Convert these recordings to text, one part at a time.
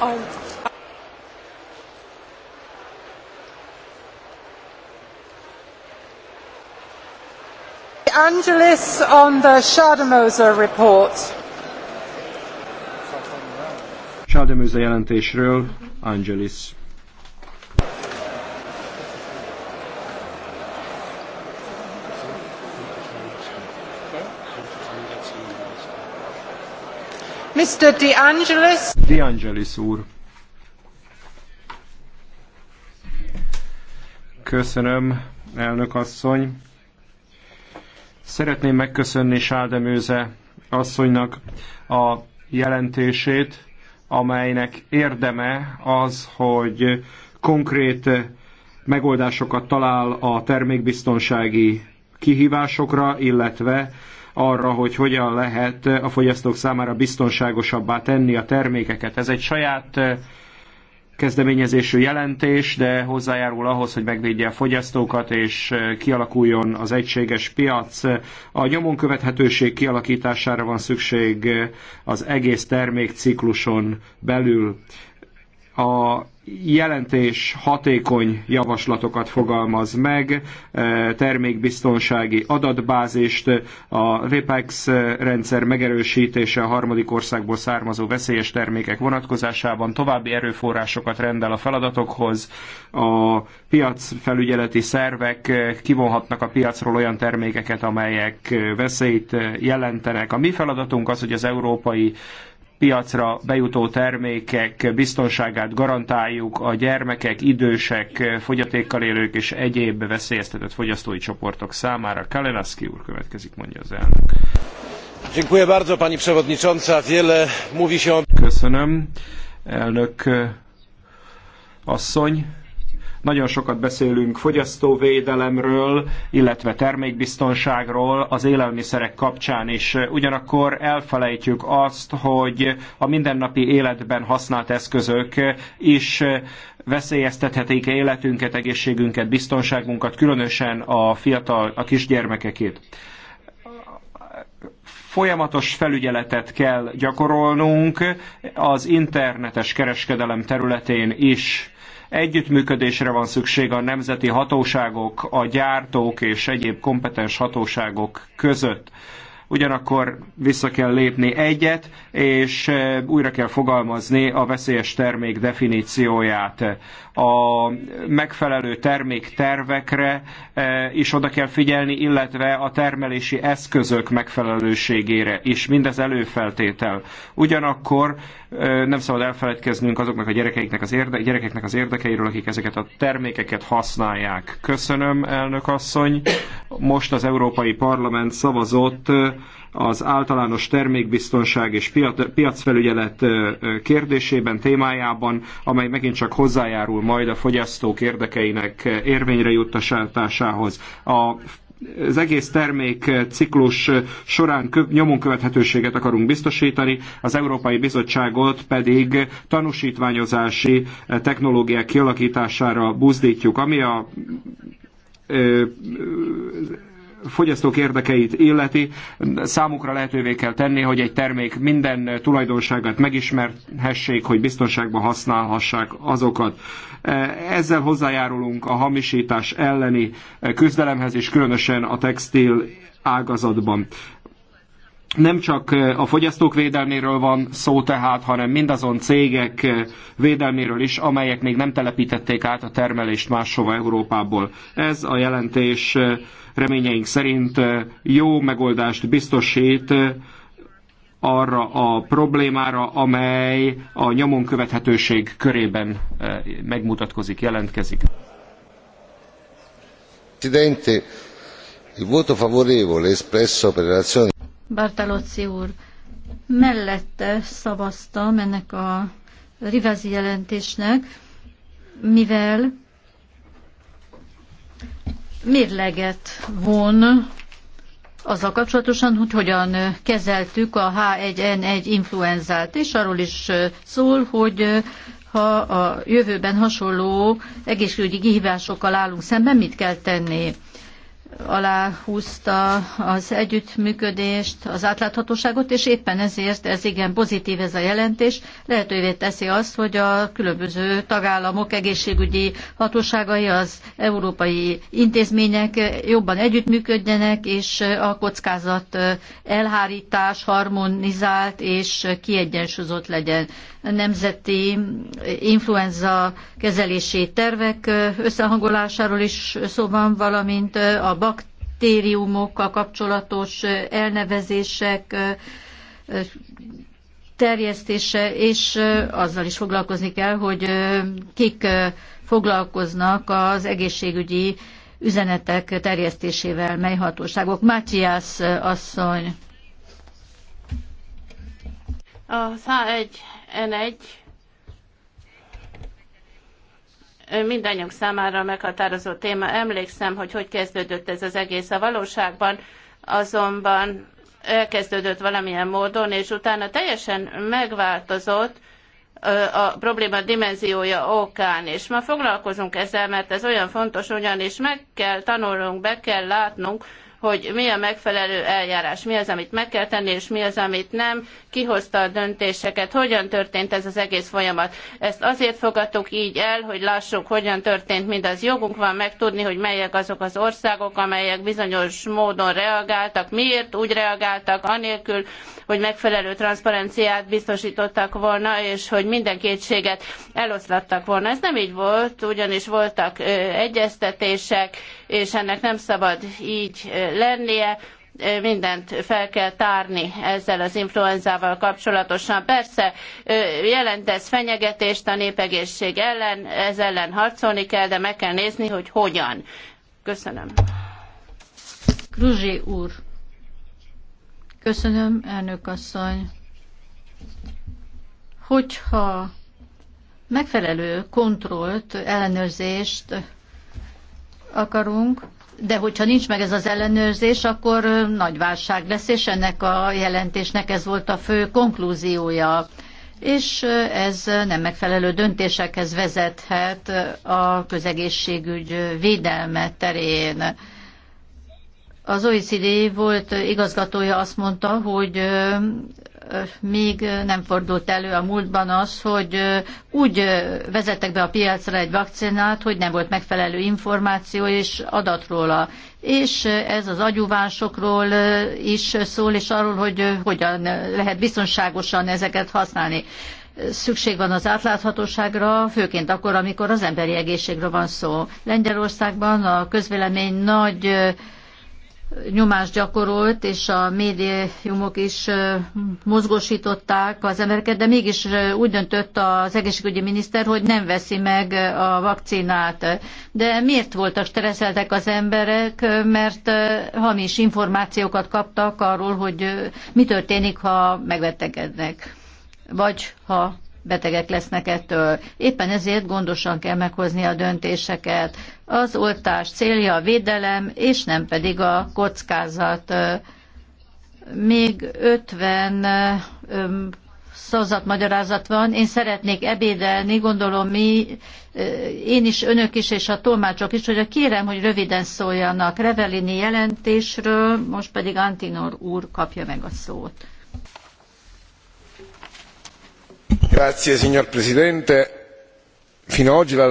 I'm, Angelis on the Schademoser report. Schademoser jelentésről Angelis. Mr. De Angelis. De Angelis úr. Köszönöm, elnök asszony. Szeretném megköszönni Sáldemőze asszonynak a jelentését, amelynek érdeme az, hogy konkrét megoldásokat talál a termékbiztonsági kihívásokra, illetve arra, hogy hogyan lehet a fogyasztók számára biztonságosabbá tenni a termékeket. Ez egy saját eh, kezdeményezésű jelentés, de hozzájárul ahhoz, hogy megvédje a fogyasztókat, és eh, kialakuljon az egységes piac. A nyomon követhetőség kialakítására van szükség eh, az egész termékcikluson belül. A jelentés hatékony javaslatokat fogalmaz meg, e, termékbiztonsági adatbázist, a VPEX rendszer megerősítése a harmadik országból származó veszélyes termékek vonatkozásában, további erőforrásokat rendel a feladatokhoz, a piacfelügyeleti szervek kivonhatnak a piacról olyan termékeket, amelyek veszélyt jelentenek. A mi feladatunk az, hogy az európai piacra bejutó termékek biztonságát garantáljuk a gyermekek, idősek, fogyatékkal élők és egyéb veszélyeztetett fogyasztói csoportok számára. Kalenaszki úr következik, mondja az elnök. Dziękuję bardzo, pani przewodnicząca. Wiele mówi się o... Köszönöm, elnök e, asszony. Nagyon sokat beszélünk fogyasztóvédelemről, illetve termékbiztonságról az élelmiszerek kapcsán is. Ugyanakkor elfelejtjük azt, hogy a mindennapi életben használt eszközök is veszélyeztethetik életünket, egészségünket, biztonságunkat, különösen a fiatal, a kisgyermekekét folyamatos felügyeletet kell gyakorolnunk az internetes kereskedelem területén is. Együttműködésre van szükség a nemzeti hatóságok, a gyártók és egyéb kompetens hatóságok között ugyanakkor vissza kell lépni egyet, és újra kell fogalmazni a veszélyes termék definícióját. A megfelelő terméktervekre is oda kell figyelni, illetve a termelési eszközök megfelelőségére is, mindez előfeltétel. Ugyanakkor nem szabad elfeledkeznünk azoknak a gyerekeiknek az érde, gyerekeknek az érdekeiről, akik ezeket a termékeket használják. Köszönöm, elnök asszony. Most az Európai Parlament szavazott az általános termékbiztonság és piacfelügyelet kérdésében, témájában, amely megint csak hozzájárul majd a fogyasztók érdekeinek érvényre juttatásához. A az egész termék ciklus során nyomon követhetőséget akarunk biztosítani, az Európai Bizottságot pedig tanúsítványozási eh, technológiák kialakítására buzdítjuk, ami a eh, fogyasztók érdekeit illeti, számukra lehetővé kell tenni, hogy egy termék minden tulajdonságát megismerhessék, hogy biztonságban használhassák azokat. Ezzel hozzájárulunk a hamisítás elleni küzdelemhez, és különösen a textil ágazatban nem csak a fogyasztók védelméről van szó tehát, hanem mindazon cégek védelméről is, amelyek még nem telepítették át a termelést máshova Európából. Ez a jelentés reményeink szerint jó megoldást biztosít arra a problémára, amely a nyomon követhetőség körében megmutatkozik, jelentkezik. Presidente, il voto favorevole espresso per relazione... Bartalozzi úr, mellette szavaztam ennek a Rivazi jelentésnek, mivel mérleget von azzal kapcsolatosan, hogy hogyan kezeltük a H1N1 influenzát, és arról is szól, hogy ha a jövőben hasonló egészségügyi kihívásokkal állunk szemben, mit kell tenni aláhúzta az együttműködést, az átláthatóságot, és éppen ezért ez igen pozitív ez a jelentés. Lehetővé teszi azt, hogy a különböző tagállamok egészségügyi hatóságai, az európai intézmények jobban együttműködjenek, és a kockázat elhárítás harmonizált és kiegyensúlyozott legyen. nemzeti influenza kezelési tervek összehangolásáról is szó van, valamint a baktériumokkal kapcsolatos elnevezések terjesztése, és azzal is foglalkozni kell, hogy kik foglalkoznak az egészségügyi üzenetek terjesztésével, mely hatóságok. Mátyász asszony. A 101 N1 mindannyiunk számára meghatározó téma. Emlékszem, hogy hogy kezdődött ez az egész a valóságban, azonban elkezdődött valamilyen módon, és utána teljesen megváltozott a probléma dimenziója okán, és ma foglalkozunk ezzel, mert ez olyan fontos, ugyanis meg kell tanulnunk, be kell látnunk, hogy mi a megfelelő eljárás, mi az, amit meg kell tenni, és mi az, amit nem, hozta a döntéseket, hogyan történt ez az egész folyamat. Ezt azért fogadtuk így el, hogy lássuk, hogyan történt mindaz. Jogunk van megtudni, hogy melyek azok az országok, amelyek bizonyos módon reagáltak, miért úgy reagáltak, anélkül, hogy megfelelő transzparenciát biztosítottak volna, és hogy minden kétséget eloszlattak volna. Ez nem így volt, ugyanis voltak egyeztetések, és ennek nem szabad így lennie, mindent fel kell tárni ezzel az influenzával kapcsolatosan. Persze jelent ez fenyegetést a népegészség ellen, ez ellen harcolni kell, de meg kell nézni, hogy hogyan. Köszönöm. Kruzsi úr. Köszönöm, elnök asszony. Hogyha megfelelő kontrollt, ellenőrzést akarunk, de hogyha nincs meg ez az ellenőrzés, akkor nagy válság lesz, és ennek a jelentésnek ez volt a fő konklúziója. És ez nem megfelelő döntésekhez vezethet a közegészségügy védelme terén. Az OECD volt igazgatója azt mondta, hogy még nem fordult elő a múltban az, hogy úgy vezettek be a piacra egy vakcinát, hogy nem volt megfelelő információ és adat róla. És ez az agyúvásokról is szól, és arról, hogy hogyan lehet biztonságosan ezeket használni. Szükség van az átláthatóságra, főként akkor, amikor az emberi egészségről van szó. Lengyelországban a közvélemény nagy nyomást gyakorolt, és a médiumok is mozgósították az embereket, de mégis úgy döntött az egészségügyi miniszter, hogy nem veszi meg a vakcinát. De miért voltak stresszeltek az emberek? Mert hamis információkat kaptak arról, hogy mi történik, ha megbetegednek, vagy ha betegek lesznek ettől. Éppen ezért gondosan kell meghozni a döntéseket. Az oltás célja a védelem, és nem pedig a kockázat. Még 50 magyarázat van. Én szeretnék ebédelni, gondolom mi, én is, önök is, és a tolmácsok is, hogy a kérem, hogy röviden szóljanak Revelini jelentésről, most pedig Antinor úr kapja meg a szót.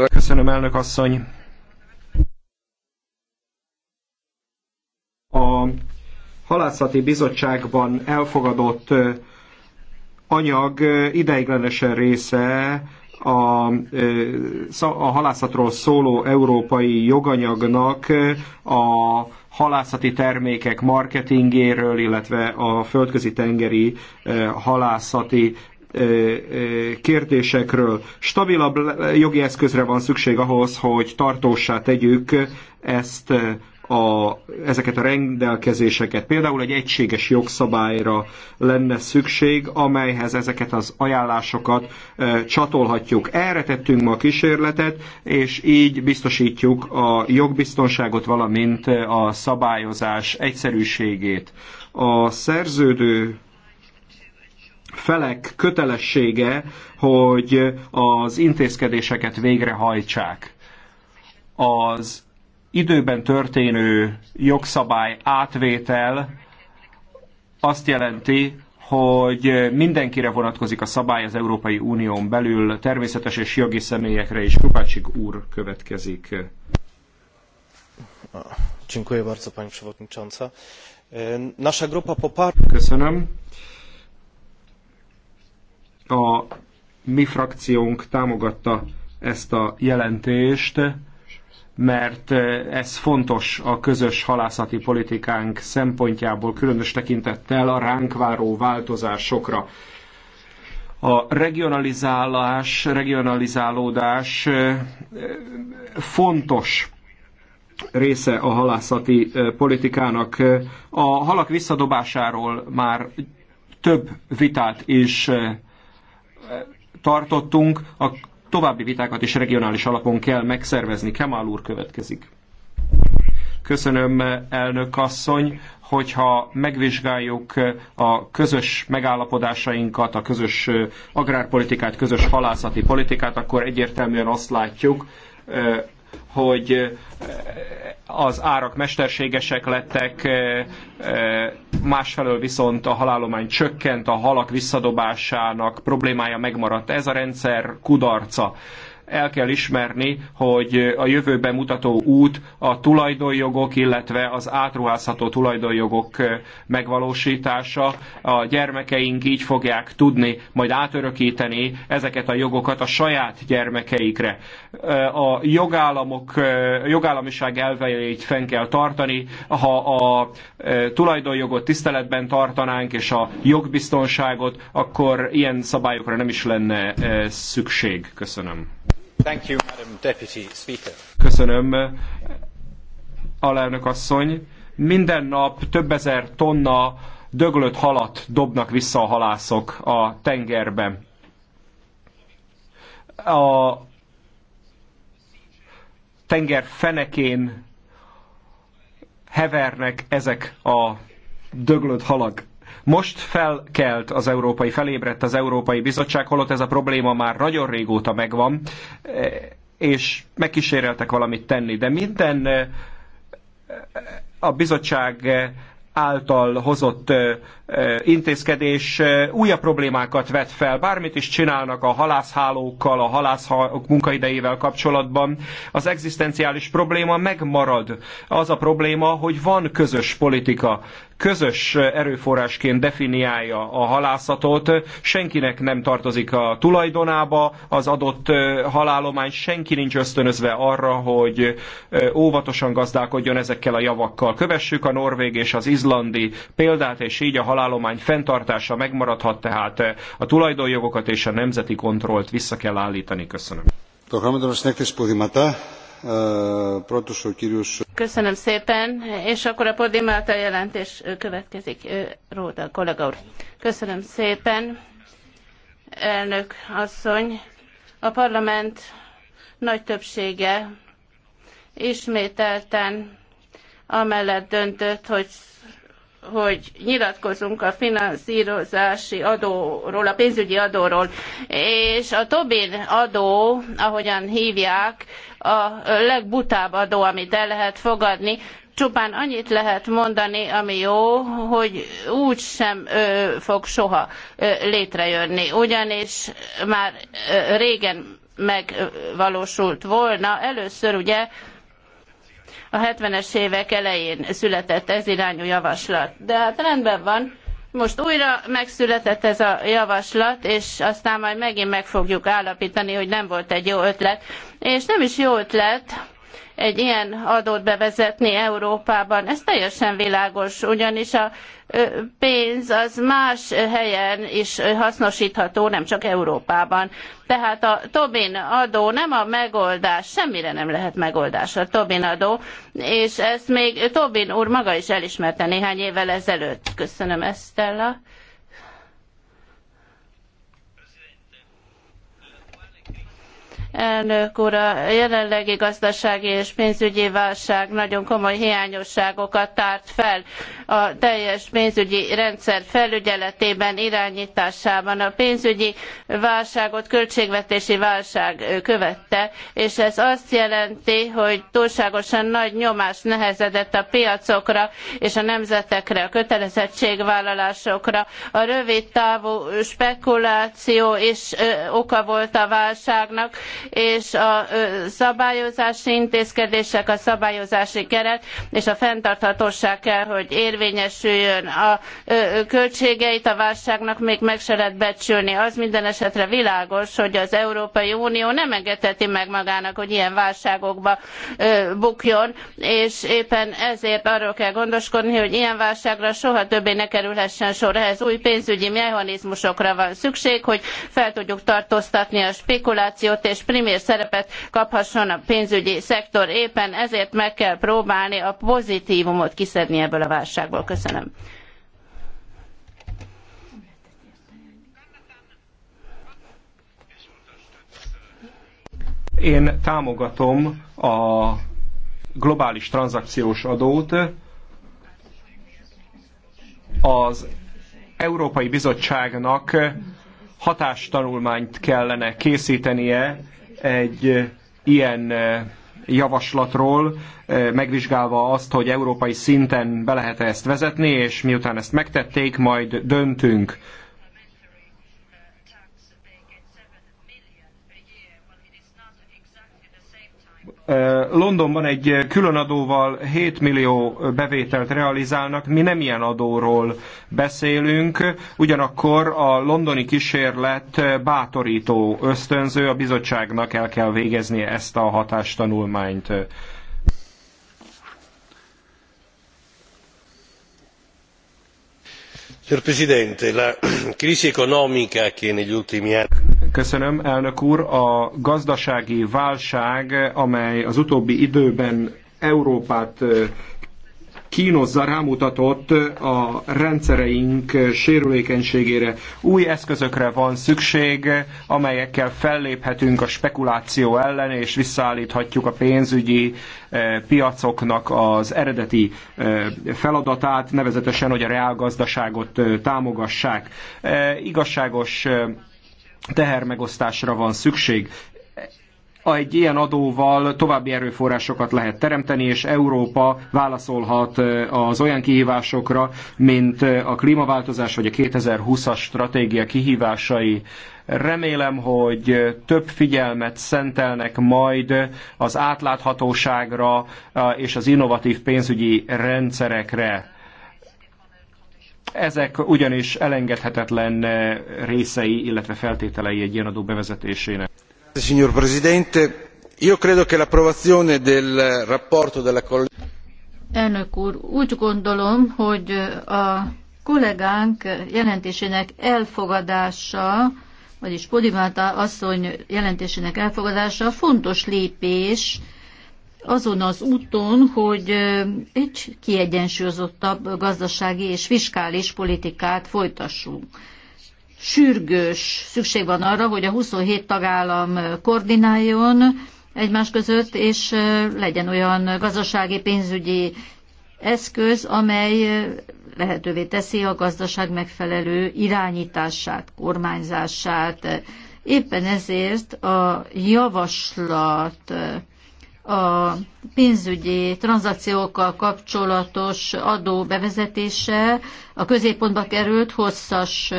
Köszönöm, elnök asszony. A halászati bizottságban elfogadott anyag ideiglenesen része a, a halászatról szóló európai joganyagnak a halászati termékek marketingéről, illetve a földközi tengeri halászati kérdésekről. Stabilabb jogi eszközre van szükség ahhoz, hogy tartósá tegyük ezt a, ezeket a rendelkezéseket. Például egy egységes jogszabályra lenne szükség, amelyhez ezeket az ajánlásokat e, csatolhatjuk. Erre tettünk ma a kísérletet, és így biztosítjuk a jogbiztonságot, valamint a szabályozás egyszerűségét. A szerződő felek kötelessége, hogy az intézkedéseket végrehajtsák. Az időben történő jogszabály átvétel azt jelenti, hogy mindenkire vonatkozik a szabály az Európai Unión belül, természetes és jogi személyekre is. Kupácsik úr következik. E, Köszönöm. A mi frakciónk támogatta ezt a jelentést, mert ez fontos a közös halászati politikánk szempontjából, különös tekintettel a ránk váró változásokra. A regionalizálás, regionalizálódás fontos része a halászati politikának. A halak visszadobásáról már több vitát is tartottunk, a további vitákat is regionális alapon kell megszervezni. Kemal úr következik. Köszönöm, elnök asszony, hogyha megvizsgáljuk a közös megállapodásainkat, a közös agrárpolitikát, közös halászati politikát, akkor egyértelműen azt látjuk, hogy eh, az árak mesterségesek lettek, eh, eh, másfelől viszont a halálomány csökkent, a halak visszadobásának problémája megmaradt. Ez a rendszer kudarca el kell ismerni, hogy a jövőben mutató út a tulajdonjogok, illetve az átruházható tulajdonjogok megvalósítása. A gyermekeink így fogják tudni majd átörökíteni ezeket a jogokat a saját gyermekeikre. A jogállamok, jogállamiság elveit fenn kell tartani. Ha a e, tulajdonjogot tiszteletben tartanánk, és a jogbiztonságot, akkor ilyen szabályokra nem is lenne e, szükség. Köszönöm. Köszönöm, alelnök asszony. Minden nap több ezer tonna döglött halat dobnak vissza a halászok a tengerbe. A tenger fenekén hevernek ezek a döglött halak. Most felkelt az európai, felébredt az Európai Bizottság, holott ez a probléma már nagyon régóta megvan, eh, és megkíséreltek valamit tenni. De minden eh, a bizottság eh, által hozott intézkedés újabb problémákat vet fel. Bármit is csinálnak a halászhálókkal, a halászhálók munkaidejével kapcsolatban, az egzisztenciális probléma megmarad. Az a probléma, hogy van közös politika közös erőforrásként definiálja a halászatot, senkinek nem tartozik a tulajdonába az adott halálomány, senki nincs ösztönözve arra, hogy óvatosan gazdálkodjon ezekkel a javakkal. Kövessük a norvég és az izlandi példát, és így a halálomány fenntartása megmaradhat, tehát a tulajdonjogokat és a nemzeti kontrollt vissza kell állítani. Köszönöm. Το Köszönöm szépen, és akkor a Podimata jelentés következik. Róda kollega úr. Köszönöm szépen, elnök asszony. A parlament nagy többsége ismételten amellett döntött, hogy hogy nyilatkozunk a finanszírozási adóról, a pénzügyi adóról, és a Tobin adó, ahogyan hívják, a legbutább adó, amit el lehet fogadni, csupán annyit lehet mondani, ami jó, hogy úgy sem ö, fog soha ö, létrejönni, ugyanis már ö, régen megvalósult volna. Először ugye a 70-es évek elején született ez irányú javaslat. De hát rendben van, most újra megszületett ez a javaslat, és aztán majd megint meg fogjuk állapítani, hogy nem volt egy jó ötlet. És nem is jó ötlet, egy ilyen adót bevezetni Európában. Ez teljesen világos, ugyanis a pénz az más helyen is hasznosítható, nem csak Európában. Tehát a Tobin adó nem a megoldás, semmire nem lehet megoldás a Tobin adó, és ezt még Tobin úr maga is elismerte néhány évvel ezelőtt. Köszönöm, Estella. Elnök úr, a jelenlegi gazdasági és pénzügyi válság nagyon komoly hiányosságokat tárt fel a teljes pénzügyi rendszer felügyeletében, irányításában. A pénzügyi válságot költségvetési válság követte, és ez azt jelenti, hogy túlságosan nagy nyomás nehezedett a piacokra és a nemzetekre, a kötelezettségvállalásokra. A rövid távú spekuláció is oka volt a válságnak, és a szabályozási intézkedések, a szabályozási keret és a fenntarthatóság kell, hogy érvényesüljön. A költségeit a válságnak még meg se lehet becsülni. Az minden esetre világos, hogy az Európai Unió nem engedheti meg magának, hogy ilyen válságokba bukjon, és éppen ezért arról kell gondoskodni, hogy ilyen válságra soha többé ne kerülhessen sor. Ehhez új pénzügyi mechanizmusokra van szükség, hogy fel tudjuk tartóztatni a spekulációt és primér szerepet kaphasson a pénzügyi szektor. Éppen ezért meg kell próbálni a pozitívumot kiszedni ebből a válságból. Köszönöm. Én támogatom a globális tranzakciós adót, az Európai Bizottságnak hatástanulmányt kellene készítenie egy ilyen javaslatról, megvizsgálva azt, hogy európai szinten be lehet -e ezt vezetni, és miután ezt megtették, majd döntünk Londonban egy különadóval 7 millió bevételt realizálnak, mi nem ilyen adóról beszélünk, ugyanakkor a londoni kísérlet bátorító ösztönző, a bizottságnak el kell végeznie ezt a hatástanulmányt. Signor Presidente, la crisi economica che negli ultimi anni... Köszönöm, elnök úr. A gazdasági válság, amely az utóbbi időben Európát kínozza, rámutatott a rendszereink sérülékenységére. Új eszközökre van szükség, amelyekkel felléphetünk a spekuláció ellen, és visszaállíthatjuk a pénzügyi piacoknak az eredeti feladatát, nevezetesen, hogy a reálgazdaságot támogassák. Igazságos tehermegosztásra van szükség egy ilyen adóval további erőforrásokat lehet teremteni, és Európa válaszolhat az olyan kihívásokra, mint a klímaváltozás vagy a 2020-as stratégia kihívásai. Remélem, hogy több figyelmet szentelnek majd az átláthatóságra és az innovatív pénzügyi rendszerekre ezek ugyanis elengedhetetlen eh, részei, illetve feltételei egy ilyen adó bevezetésének. Signor Presidente, io credo che l'approvazione del rapporto della Elnök úr, úgy gondolom, hogy a kollégánk jelentésének elfogadása, vagyis Podimáta asszony jelentésének elfogadása fontos lépés, azon az úton, hogy egy kiegyensúlyozottabb gazdasági és fiskális politikát folytassunk. Sürgős szükség van arra, hogy a 27 tagállam koordináljon egymás között, és legyen olyan gazdasági, pénzügyi eszköz, amely lehetővé teszi a gazdaság megfelelő irányítását, kormányzását. Éppen ezért a javaslat a pénzügyi tranzakciókkal kapcsolatos adó bevezetése a középpontba került hosszas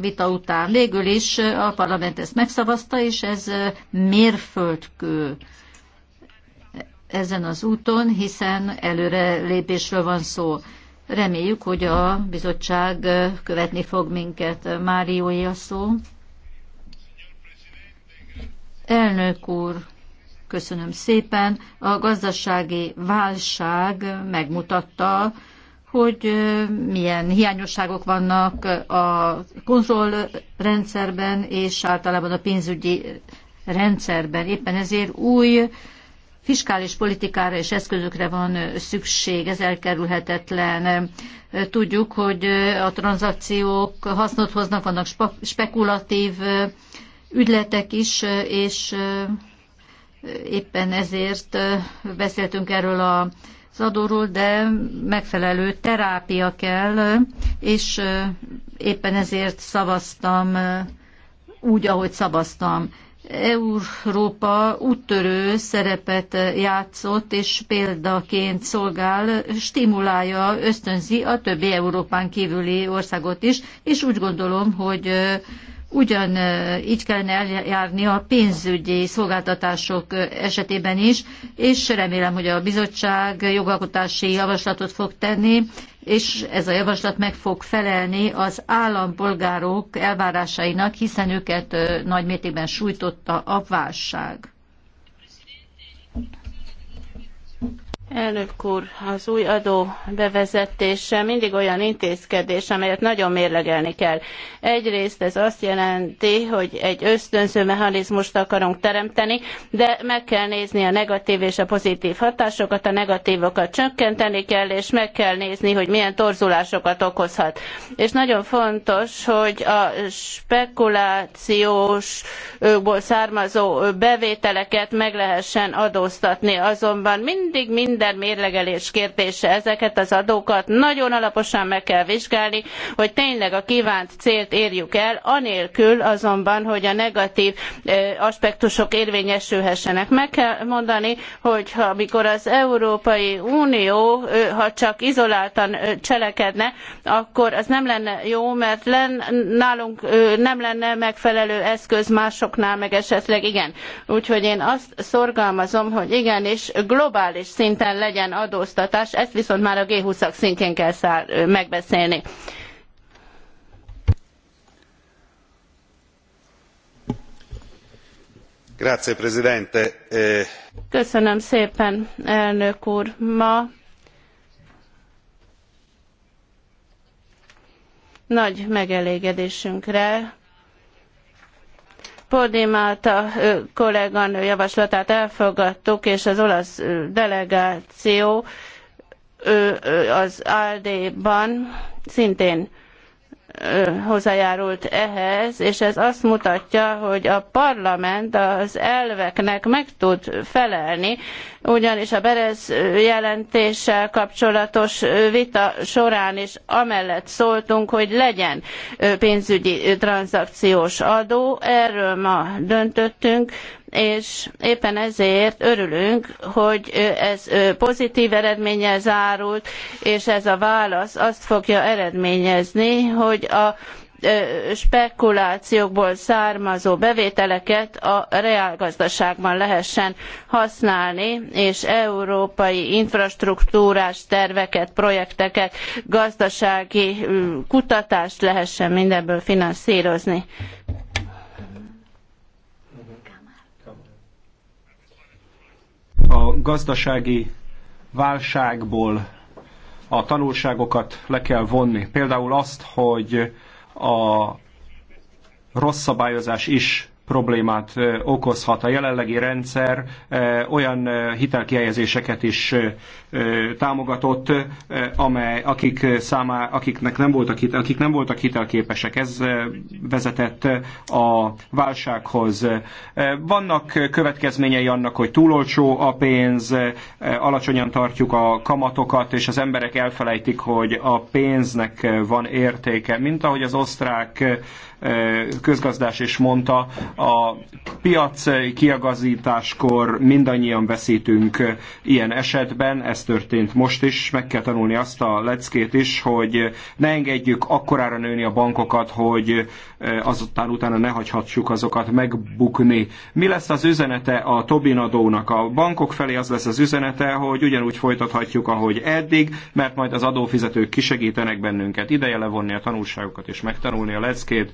vita után. Végül is a parlament ezt megszavazta, és ez mérföldkő ezen az úton, hiszen előre lépésről van szó. Reméljük, hogy a bizottság követni fog minket. Máriói a szó. Elnök úr, Köszönöm szépen. A gazdasági válság megmutatta, hogy milyen hiányosságok vannak a kontrollrendszerben és általában a pénzügyi rendszerben. Éppen ezért új fiskális politikára és eszközökre van szükség, ez elkerülhetetlen. Tudjuk, hogy a tranzakciók hasznot hoznak, vannak spekulatív ügyletek is, és éppen ezért beszéltünk erről a az adóról, de megfelelő terápia kell, és éppen ezért szavaztam úgy, ahogy szavaztam. Európa úttörő szerepet játszott, és példaként szolgál, stimulálja, ösztönzi a többi Európán kívüli országot is, és úgy gondolom, hogy ugyan így kellene eljárni a pénzügyi szolgáltatások esetében is, és remélem, hogy a bizottság jogalkotási javaslatot fog tenni, és ez a javaslat meg fog felelni az állampolgárok elvárásainak, hiszen őket nagymértékben sújtotta a válság. Elnök úr, az új adó bevezetése mindig olyan intézkedés, amelyet nagyon mérlegelni kell. Egyrészt ez azt jelenti, hogy egy ösztönző mechanizmust akarunk teremteni, de meg kell nézni a negatív és a pozitív hatásokat, a negatívokat csökkenteni kell, és meg kell nézni, hogy milyen torzulásokat okozhat. És nagyon fontos, hogy a spekulációsból származó bevételeket meg lehessen adóztatni, azonban mindig, mindig minden mérlegelés kérdése. Ezeket az adókat nagyon alaposan meg kell vizsgálni, hogy tényleg a kívánt célt érjük el, anélkül azonban, hogy a negatív aspektusok érvényesülhessenek. Meg kell mondani, hogy ha amikor az Európai Unió, ha csak izoláltan cselekedne, akkor az nem lenne jó, mert len, nálunk nem lenne megfelelő eszköz másoknál, meg esetleg igen. Úgyhogy én azt szorgalmazom, hogy igenis globális szinten szinten legyen adóztatás, ezt viszont már a G20-ak szintjén kell száll, megbeszélni. Grazie, Presidente. Eh, Köszönöm szépen, elnök úr. Ma nagy megelégedésünkre Podimata kolléganő javaslatát elfogadtuk, és az olasz delegáció az ALDE-ban szintén hozzájárult ehhez, és ez azt mutatja, hogy a parlament az elveknek meg tud felelni, ugyanis a Berez jelentéssel kapcsolatos vita során is amellett szóltunk, hogy legyen pénzügyi tranzakciós adó, erről ma döntöttünk, és éppen ezért örülünk, hogy ez pozitív eredménnyel zárult, és ez a válasz azt fogja eredményezni, hogy a spekulációkból származó bevételeket a reálgazdaságban lehessen használni, és európai infrastruktúrás terveket, projekteket, gazdasági kutatást lehessen mindebből finanszírozni. gazdasági válságból a tanulságokat le kell vonni. Például azt, hogy a rossz szabályozás is problémát okozhat. A jelenlegi rendszer olyan hitelkihelyezéseket is támogatott, amely, akik számá, akiknek nem voltak, hitel, akik nem voltak hitelképesek. Ez vezetett a válsághoz. Vannak következményei annak, hogy túl olcsó a pénz, alacsonyan tartjuk a kamatokat, és az emberek elfelejtik, hogy a pénznek van értéke. Mint ahogy az osztrák közgazdás is mondta, a piac kiagazításkor mindannyian veszítünk ilyen esetben, ez történt most is, meg kell tanulni azt a leckét is, hogy ne engedjük akkorára nőni a bankokat, hogy Eh, azután utána ne hagyhatjuk azokat megbukni. Mi lesz az üzenete a Tobin adónak? A bankok felé az lesz az üzenete, hogy ugyanúgy folytathatjuk, ahogy eddig, mert majd az adófizetők kisegítenek bennünket. Ideje levonni a tanulságokat és megtanulni a leckét.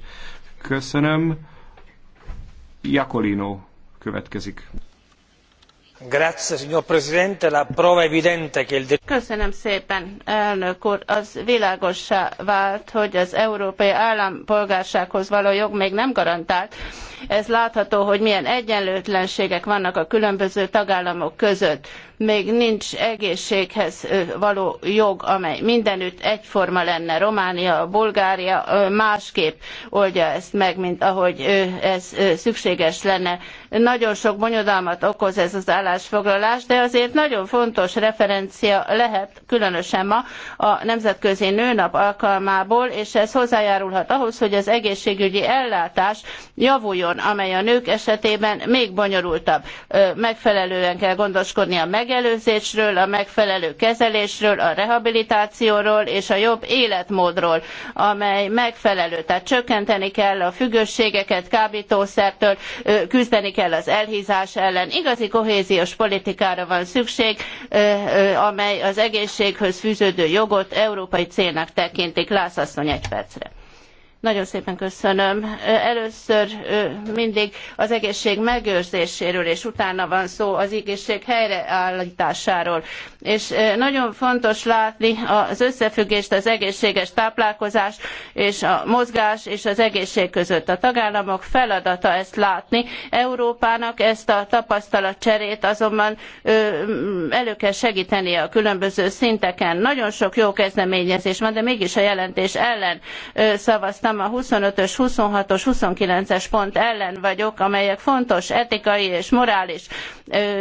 Köszönöm. Jakolino következik. Köszönöm szépen, Az világossá vált, hogy az európai állampolgársághoz való jog még nem garantált ez látható, hogy milyen egyenlőtlenségek vannak a különböző tagállamok között. Még nincs egészséghez való jog, amely mindenütt egyforma lenne. Románia, Bulgária másképp oldja ezt meg, mint ahogy ez szükséges lenne. Nagyon sok bonyodalmat okoz ez az állásfoglalás, de azért nagyon fontos referencia lehet, különösen ma a Nemzetközi Nőnap alkalmából, és ez hozzájárulhat ahhoz, hogy az egészségügyi ellátás javuljon oldalon, amely a nők esetében még bonyolultabb. Megfelelően kell gondoskodni a megelőzésről, a megfelelő kezelésről, a rehabilitációról és a jobb életmódról, amely megfelelő. Tehát csökkenteni kell a függőségeket kábítószertől, küzdeni kell az elhízás ellen. Igazi kohéziós politikára van szükség, amely az egészséghöz fűződő jogot európai célnak tekintik. Lász asszony egy percre. Nagyon szépen köszönöm. Először mindig az egészség megőrzéséről, és utána van szó az egészség helyreállításáról. És nagyon fontos látni az összefüggést az egészséges táplálkozás és a mozgás és az egészség között. A tagállamok feladata ezt látni. Európának ezt a tapasztalatcserét azonban elő kell segíteni a különböző szinteken. Nagyon sok jó kezdeményezés van, de mégis a jelentés ellen szavaztam nem a 25-ös, 26-os, 29-es pont ellen vagyok, amelyek fontos etikai és morális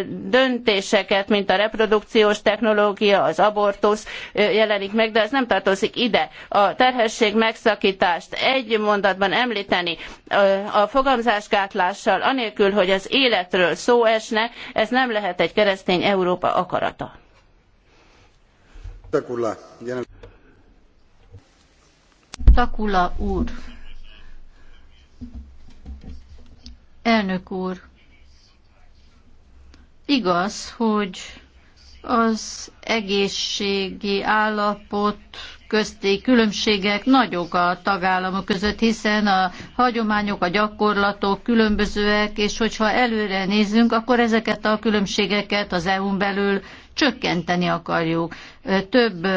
döntéseket, mint a reprodukciós technológia, az abortusz jelenik meg, de ez nem tartozik ide. A terhesség megszakítást egy mondatban említeni a fogamzásgátlással, anélkül, hogy az életről szó esne, ez nem lehet egy keresztény Európa akarata. Köszönöm. Takula úr. Elnök úr. Igaz, hogy az egészségi állapot közti különbségek nagyok a tagállamok között, hiszen a hagyományok, a gyakorlatok különbözőek, és hogyha előre nézzünk, akkor ezeket a különbségeket az EU-n belül csökkenteni akarjuk. Több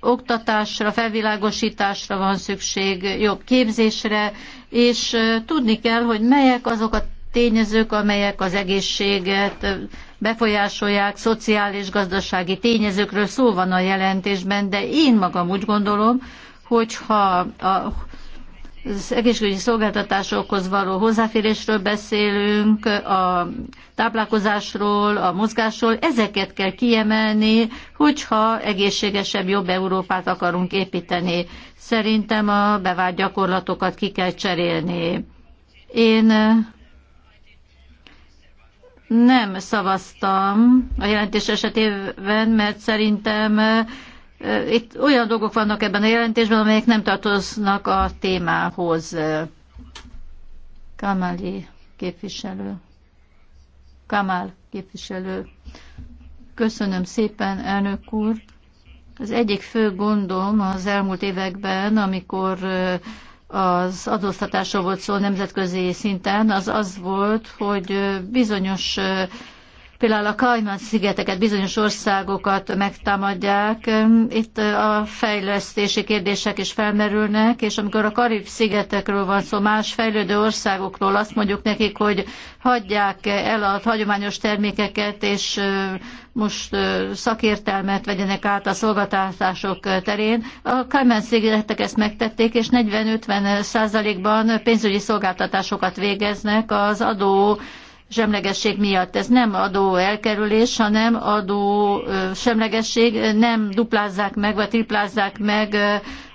oktatásra, felvilágosításra van szükség, jobb képzésre, és tudni kell, hogy melyek azok a tényezők, amelyek az egészséget befolyásolják, szociális, gazdasági tényezőkről szó van a jelentésben, de én magam úgy gondolom, hogyha a az egészségügyi szolgáltatásokhoz való hozzáférésről beszélünk, a táplálkozásról, a mozgásról, ezeket kell kiemelni, hogyha egészségesebb, jobb Európát akarunk építeni. Szerintem a bevált gyakorlatokat ki kell cserélni. Én eh, nem szavaztam a jelentés esetében, mert szerintem eh, itt olyan dolgok vannak ebben a jelentésben, amelyek nem tartoznak a témához. Kamali képviselő. Kamal képviselő. Köszönöm szépen, elnök úr. Az egyik fő gondom az elmúlt években, amikor az adóztatásról volt szó nemzetközi szinten, az az volt, hogy bizonyos Például a Kajman-szigeteket, bizonyos országokat megtámadják, itt a fejlesztési kérdések is felmerülnek, és amikor a Karib-szigetekről van szó, más fejlődő országokról azt mondjuk nekik, hogy hagyják el a hagyományos termékeket, és most szakértelmet vegyenek át a szolgáltatások terén. A kajmán szigetek ezt megtették, és 40-50 százalékban pénzügyi szolgáltatásokat végeznek az adó semlegesség miatt. Ez nem adó elkerülés, hanem adó semlegesség, nem duplázzák meg, vagy triplázzák meg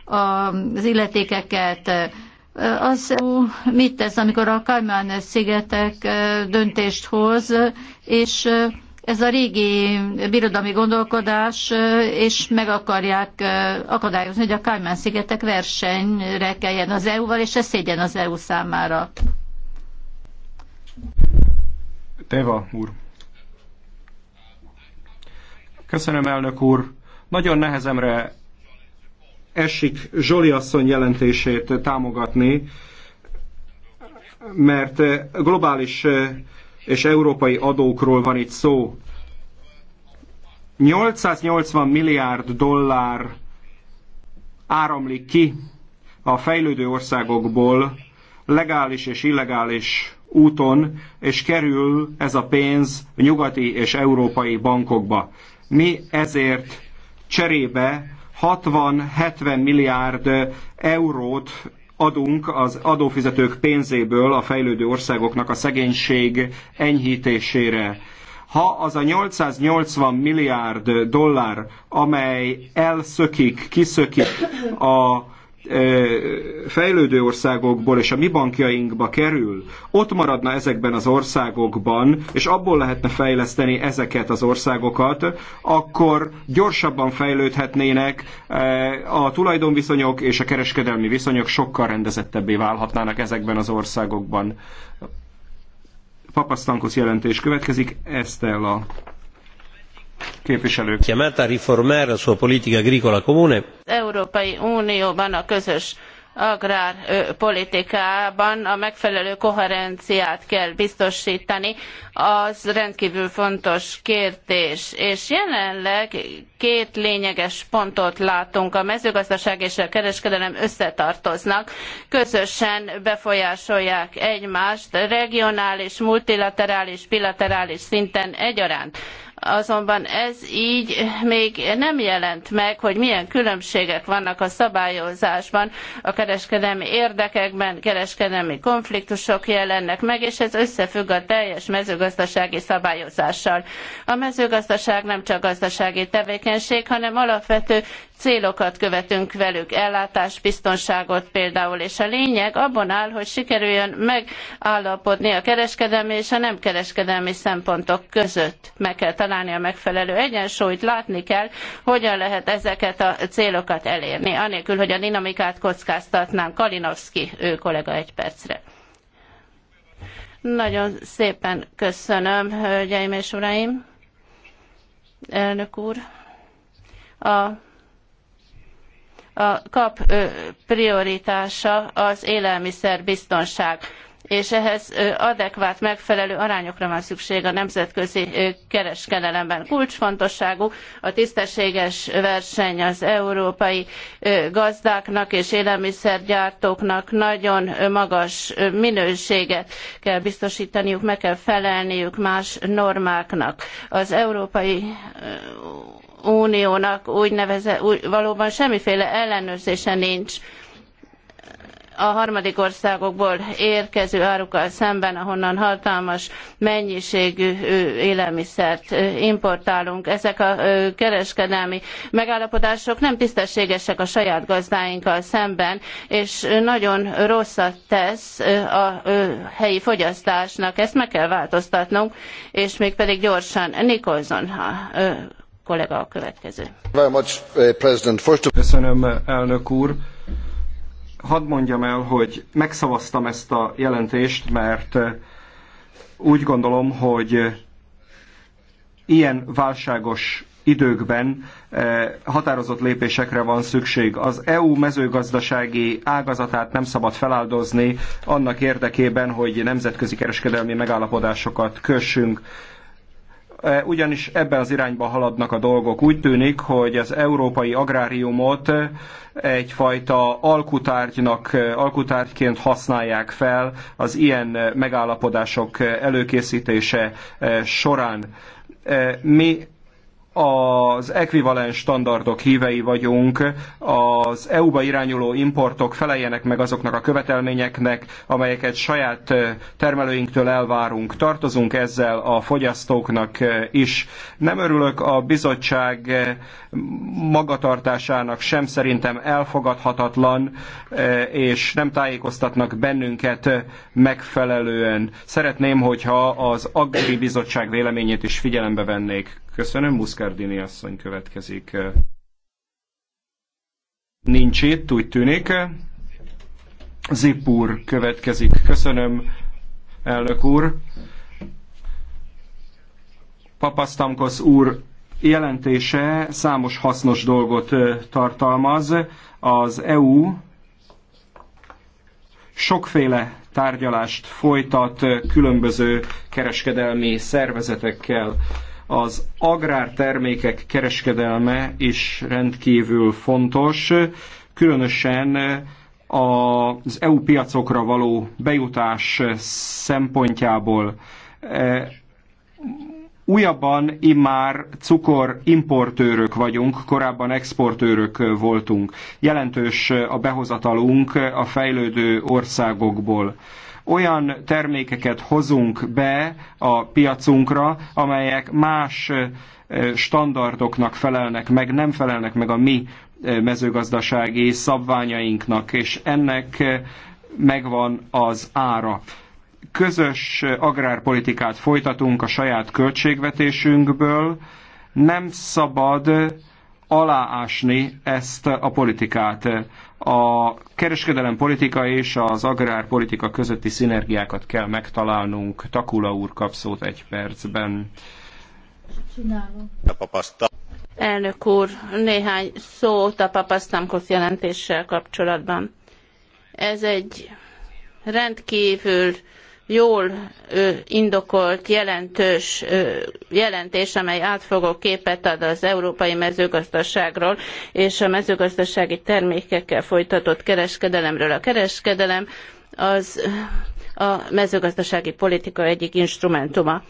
az illetékeket. Az mit tesz, amikor a Kajmán szigetek döntést hoz, és ez a régi birodalmi gondolkodás, és meg akarják akadályozni, hogy a Kajmán szigetek versenyre keljen az EU-val, és ez szégyen az EU számára. Teva úr. Köszönöm, elnök úr. Nagyon nehezemre esik Zsoli asszony jelentését támogatni, mert globális és európai adókról van itt szó. 880 milliárd dollár áramlik ki a fejlődő országokból legális és illegális úton, és kerül ez a pénz nyugati és európai bankokba. Mi ezért cserébe 60-70 milliárd eurót adunk az adófizetők pénzéből a fejlődő országoknak a szegénység enyhítésére. Ha az a 880 milliárd dollár, amely elszökik, kiszökik a fejlődő országokból és a mi bankjainkba kerül, ott maradna ezekben az országokban, és abból lehetne fejleszteni ezeket az országokat, akkor gyorsabban fejlődhetnének a tulajdonviszonyok és a kereskedelmi viszonyok sokkal rendezettebbé válhatnának ezekben az országokban. Papasztankusz jelentés következik, Estella képviselők. Chiamata a riformare la sua politica agricola comune. Az Európai Unióban a közös agrárpolitikában a megfelelő koherenciát kell biztosítani, az rendkívül fontos kérdés. És jelenleg két lényeges pontot látunk. A mezőgazdaság és a kereskedelem összetartoznak, közösen befolyásolják egymást regionális, multilaterális, bilaterális szinten egyaránt azonban ez így még nem jelent meg, hogy milyen különbségek vannak a szabályozásban, a kereskedelmi érdekekben, kereskedelmi konfliktusok jelennek meg, és ez összefügg a teljes mezőgazdasági szabályozással. A mezőgazdaság nem csak gazdasági tevékenység, hanem alapvető célokat követünk velük, biztonságot, például, és a lényeg abban áll, hogy sikerüljön megállapodni a kereskedelmi és a nem kereskedelmi szempontok között. Meg kell találni a megfelelő egyensúlyt, látni kell, hogyan lehet ezeket a célokat elérni, anélkül, hogy a dinamikát kockáztatnám. Kalinowski ő kollega egy percre. Nagyon szépen köszönöm, hölgyeim és uraim. Elnök úr, a a kap prioritása az élelmiszer biztonság és ehhez adekvát, megfelelő arányokra van szükség a nemzetközi kereskedelemben. Kulcsfontosságú a tisztességes verseny az európai gazdáknak és élelmiszergyártóknak nagyon magas minőséget kell biztosítaniuk, meg kell felelniük más normáknak. Az Európai Uniónak úgy neveze, úgy, valóban semmiféle ellenőrzése nincs a harmadik országokból érkező árukkal szemben, ahonnan hatalmas mennyiségű élelmiszert importálunk. Ezek a kereskedelmi megállapodások nem tisztességesek a saját gazdáinkkal szemben, és nagyon rosszat tesz a helyi fogyasztásnak. Ezt meg kell változtatnunk, és mégpedig gyorsan. Nikolson, kollega a következő. Uh, Köszönöm, elnök úr. Hadd mondjam el, hogy megszavaztam ezt a jelentést, mert uh, úgy gondolom, hogy uh, ilyen válságos időkben határozott lépésekre van szükség. Az EU mezőgazdasági ágazatát nem szabad feláldozni annak érdekében, hogy nemzetközi kereskedelmi megállapodásokat kössünk. E, ugyanis ebbe az irányba haladnak a dolgok. Úgy tűnik, hogy az európai agráriumot egyfajta alkutárgynak, e, alkutárgyként használják fel az ilyen megállapodások előkészítése e, során. Mi az ekvivalens standardok hívei vagyunk, az EU-ba irányuló importok feleljenek meg azoknak a követelményeknek, amelyeket saját termelőinktől elvárunk. Tartozunk ezzel a fogyasztóknak is. Nem örülök a bizottság magatartásának sem, szerintem elfogadhatatlan, és nem tájékoztatnak bennünket megfelelően. Szeretném, hogyha az Agri Bizottság véleményét is figyelembe vennék. Köszönöm, Muscardini asszony következik. Nincs itt, úgy tűnik. Zipur következik. Köszönöm, elnök úr. Papasztamkosz úr jelentése számos hasznos dolgot tartalmaz. Az EU sokféle tárgyalást folytat különböző kereskedelmi szervezetekkel az agrártermékek kereskedelme is rendkívül fontos, különösen az EU piacokra való bejutás szempontjából e, Újabban immár cukor importőrök vagyunk, korábban exportőrök voltunk. Jelentős a behozatalunk a fejlődő országokból olyan termékeket hozunk be a piacunkra, amelyek más standardoknak felelnek meg, nem felelnek meg a mi mezőgazdasági szabványainknak, és ennek megvan az ára. Közös agrárpolitikát folytatunk a saját költségvetésünkből, nem szabad aláásni ezt a politikát. A kereskedelem politika és az agrárpolitika közötti szinergiákat kell megtalálnunk. Takula úr kap szót egy percben. Elnök úr, néhány szót a papasztamkosz jelentéssel kapcsolatban. Ez egy rendkívül jól indokolt, jelentős jelentés, amely átfogó képet ad az európai mezőgazdaságról és a mezőgazdasági termékekkel folytatott kereskedelemről. A kereskedelem az a mezőgazdasági politika egyik instrumentuma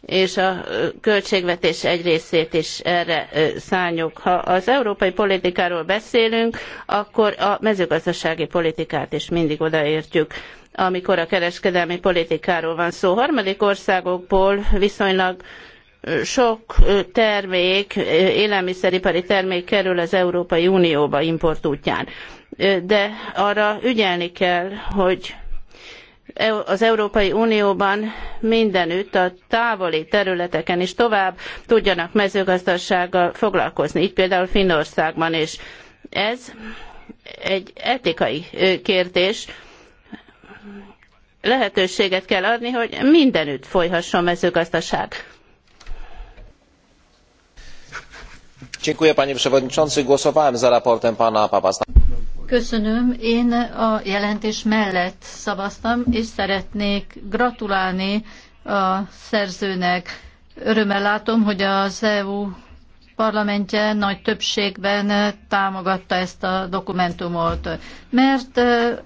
és a költségvetés egy részét is erre szánjuk. Ha az európai politikáról beszélünk, akkor a mezőgazdasági politikát is mindig odaértjük amikor a kereskedelmi politikáról van szó. Harmadik országokból viszonylag sok termék, élelmiszeripari termék kerül az Európai Unióba import útján. De arra ügyelni kell, hogy az Európai Unióban mindenütt a távoli területeken is tovább tudjanak mezőgazdasággal foglalkozni, így például Finnországban is. Ez egy etikai kérdés, lehetőséget kell adni, hogy mindenütt folyhasson mezőgazdaság. Köszönöm. Én a jelentés mellett szavaztam, és szeretnék gratulálni a szerzőnek. Örömmel látom, hogy az EU parlamentje nagy többségben támogatta ezt a dokumentumot, mert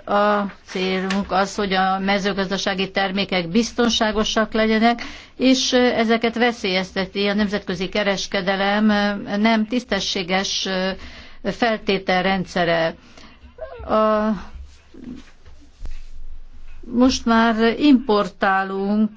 a célunk az, hogy a mezőgazdasági termékek biztonságosak legyenek, és ezeket veszélyezteti a nemzetközi kereskedelem nem tisztességes feltételrendszere. A most már importálunk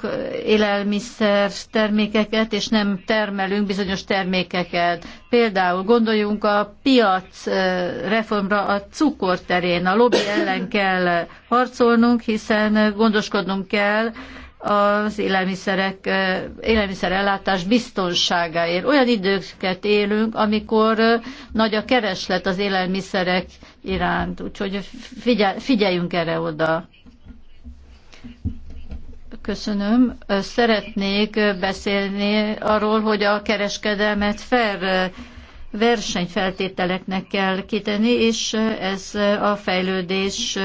élelmiszer termékeket, és nem termelünk bizonyos termékeket. Például gondoljunk a piac eh, reformra a cukor terén. A lobby ellen kell harcolnunk, hiszen gondoskodnunk kell az élelmiszerek, eh, élelmiszerellátás biztonságáért. Olyan időket élünk, amikor eh, nagy a kereslet az élelmiszerek iránt, úgyhogy figyel, figyeljünk erre oda. Köszönöm. Szeretnék beszélni arról, hogy a kereskedelmet fair versenyfeltételeknek kell kitenni, és ez a fejlődés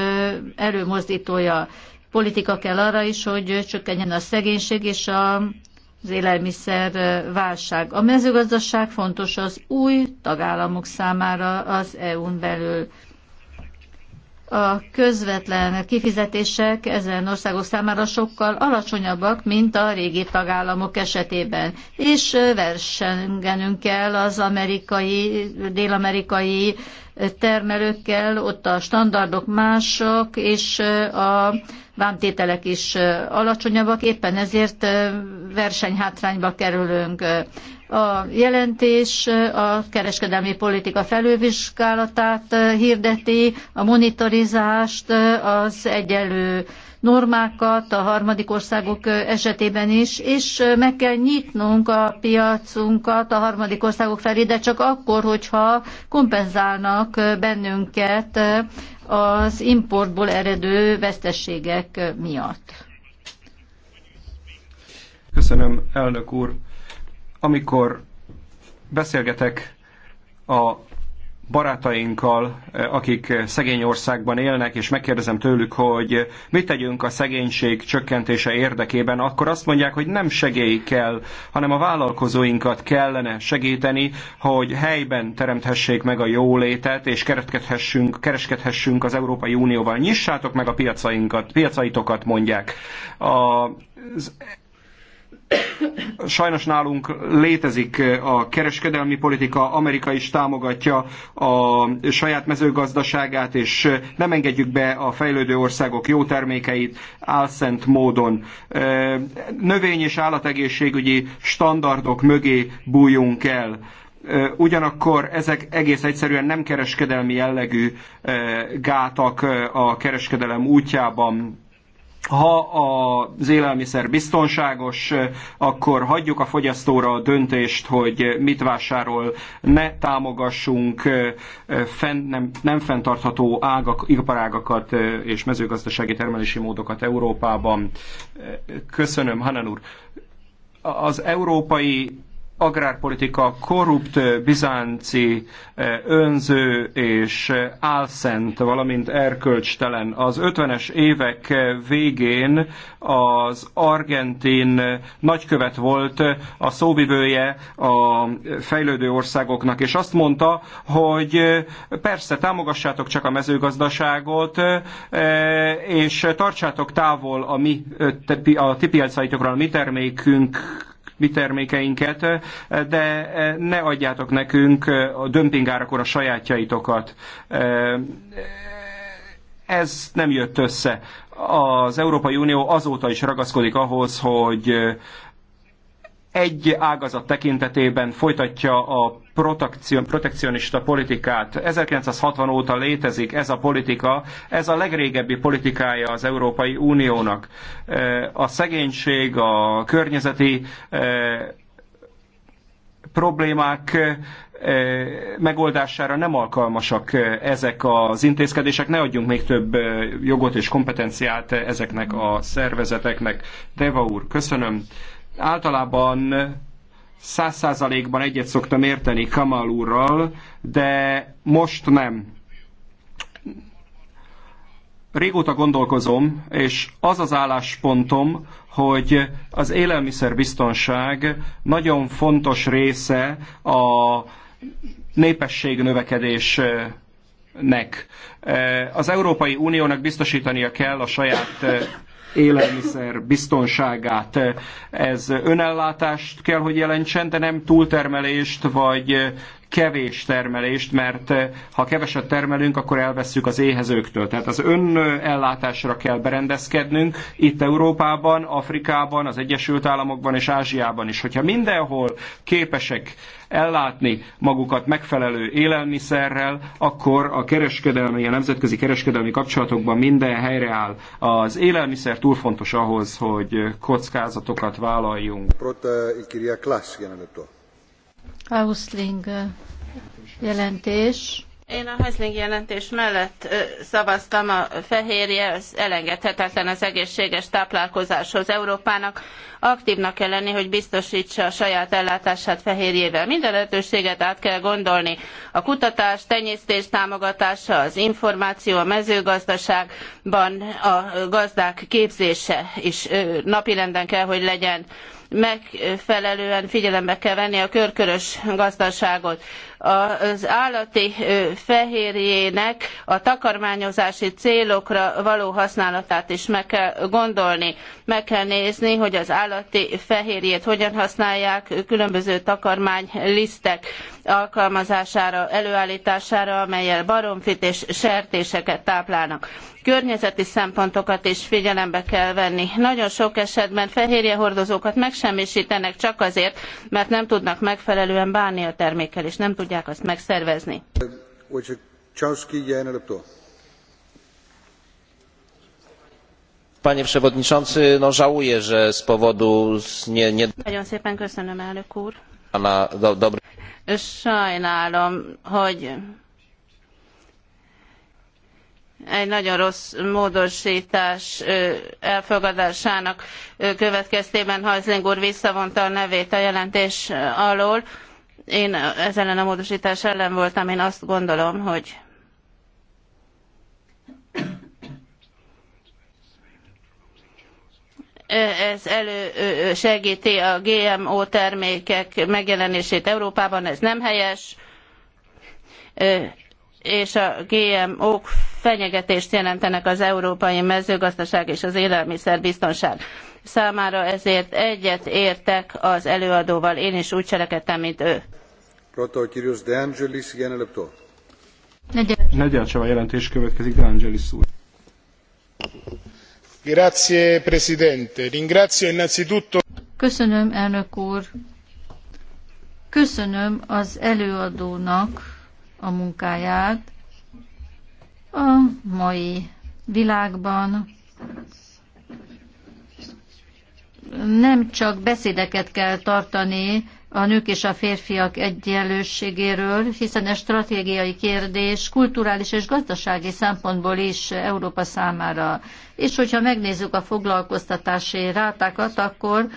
előmozdítója. Politika kell arra is, hogy csökkenjen a szegénység és a az élelmiszer válság. A mezőgazdaság fontos az új tagállamok számára az EU-n belül a közvetlen kifizetések ezen országok számára sokkal alacsonyabbak, mint a régi tagállamok esetében. És versengenünk kell az amerikai, dél-amerikai termelőkkel, ott a standardok mások, és a vámtételek is alacsonyabbak, éppen ezért versenyhátrányba kerülünk. A jelentés a kereskedelmi politika felülvizsgálatát hirdeti, a monitorizást, az egyenlő normákat a harmadik országok esetében is, és meg kell nyitnunk a piacunkat a harmadik országok felé, de csak akkor, hogyha kompenzálnak bennünket az importból eredő veszteségek miatt. Köszönöm, elnök úr amikor beszélgetek a barátainkkal, eh, akik szegény országban élnek, és megkérdezem tőlük, hogy mit tegyünk a szegénység csökkentése érdekében, akkor azt mondják, hogy nem segély kell, hanem a vállalkozóinkat kellene segíteni, hogy helyben teremthessék meg a jólétet, és kereskedhessünk, kereskedhessünk az Európai Unióval. Nyissátok meg a piacainkat, piacaitokat, mondják. A, az Sajnos nálunk létezik eh, a kereskedelmi politika, Amerika is támogatja a saját mezőgazdaságát, és eh, nem engedjük be a fejlődő országok jó termékeit álszent módon. Eh, növény- és állategészségügyi standardok mögé bújunk el ugyanakkor ezek egész egyszerűen nem kereskedelmi jellegű gátak a kereskedelem útjában. Ha az élelmiszer biztonságos, akkor hagyjuk a fogyasztóra a döntést, hogy mit vásárol, ne támogassunk fent, nem, nem fenntartható ágak, iparágakat és mezőgazdasági termelési módokat Európában. Köszönöm, Hanan úr. Az európai agrárpolitika korrupt, bizánci, önző és álszent, valamint erkölcstelen. Az 50-es évek végén az argentin nagykövet volt a szóvivője a fejlődő országoknak, és azt mondta, hogy persze támogassátok csak a mezőgazdaságot, és tartsátok távol a, mi, a ti piacaitokra, a mi termékünk mi termékeinket, de ne adjátok nekünk a dömpingárakon a sajátjaitokat. Ez nem jött össze. Az Európai Unió azóta is ragaszkodik ahhoz, hogy egy ágazat tekintetében folytatja a protekcionista politikát. 1960 óta létezik ez a politika, ez a legrégebbi politikája az Európai Uniónak. A szegénység, a környezeti problémák megoldására nem alkalmasak ezek az intézkedések, ne adjunk még több jogot és kompetenciát ezeknek a szervezeteknek. Deva úr, köszönöm általában száz százalékban egyet szoktam érteni Kamal úrral, de most nem. Régóta gondolkozom, és az az álláspontom, hogy az élelmiszerbiztonság nagyon fontos része a népesség növekedésnek. Az Európai Uniónak biztosítania kell a saját élelmiszer biztonságát. Ez önellátást kell, hogy jelentsen, de nem túltermelést vagy kevés termelést, mert eh, ha keveset termelünk, akkor elveszük az éhezőktől. Tehát az önellátásra eh, kell berendezkednünk itt Európában, Afrikában, az Egyesült Államokban és Ázsiában is. Hogyha mindenhol képesek ellátni magukat megfelelő élelmiszerrel, akkor a kereskedelmi, a nemzetközi kereskedelmi kapcsolatokban minden helyre áll. Az élelmiszer túl fontos ahhoz, hogy eh, kockázatokat vállaljunk. Prota, Hausling jelentés. Én a Hausling jelentés mellett szavaztam, a fehérje az elengedhetetlen az egészséges táplálkozáshoz Európának. Aktívnak kell lenni, hogy biztosítsa a saját ellátását fehérjével. Minden lehetőséget át kell gondolni. A kutatás, tenyésztés támogatása, az információ, a mezőgazdaságban a gazdák képzése is napirenden kell, hogy legyen megfelelően figyelembe kell venni a körkörös gazdaságot. Az állati fehérjének a takarmányozási célokra való használatát is meg kell gondolni. Meg kell nézni, hogy az állati fehérjét hogyan használják különböző takarmánylisztek alkalmazására, előállítására, amelyel baromfit és sertéseket táplálnak. Környezeti szempontokat is figyelembe kell venni. Nagyon sok esetben fehérjehordozókat megsemmisítenek csak azért, mert nem tudnak megfelelően bánni a termékkel, és nem tudják azt megszervezni. panie przewodniczący! No, żałuję że z powodu nie, nie... Do, do, dobrych sajnálom, hogy egy nagyon rossz módosítás elfogadásának következtében Hajzling úr visszavonta a nevét a jelentés alól. Én ezzel a módosítás ellen voltam, én azt gondolom, hogy ez elősegíti a GMO termékek megjelenését Európában, ez nem helyes, és a GMO-k fenyegetést jelentenek az európai mezőgazdaság és az élelmiszerbiztonság számára, ezért egyet értek az előadóval, én is úgy cselekedtem, mint ő. Negyel Csaba jelentés következik, De Angelis úr. Köszönöm, elnök úr. Köszönöm az előadónak a munkáját a mai világban. Nem csak beszédeket kell tartani a nők és a férfiak egyenlőségéről, hiszen ez stratégiai kérdés kulturális és gazdasági szempontból is Európa számára. És hogyha megnézzük a foglalkoztatási rátákat, akkor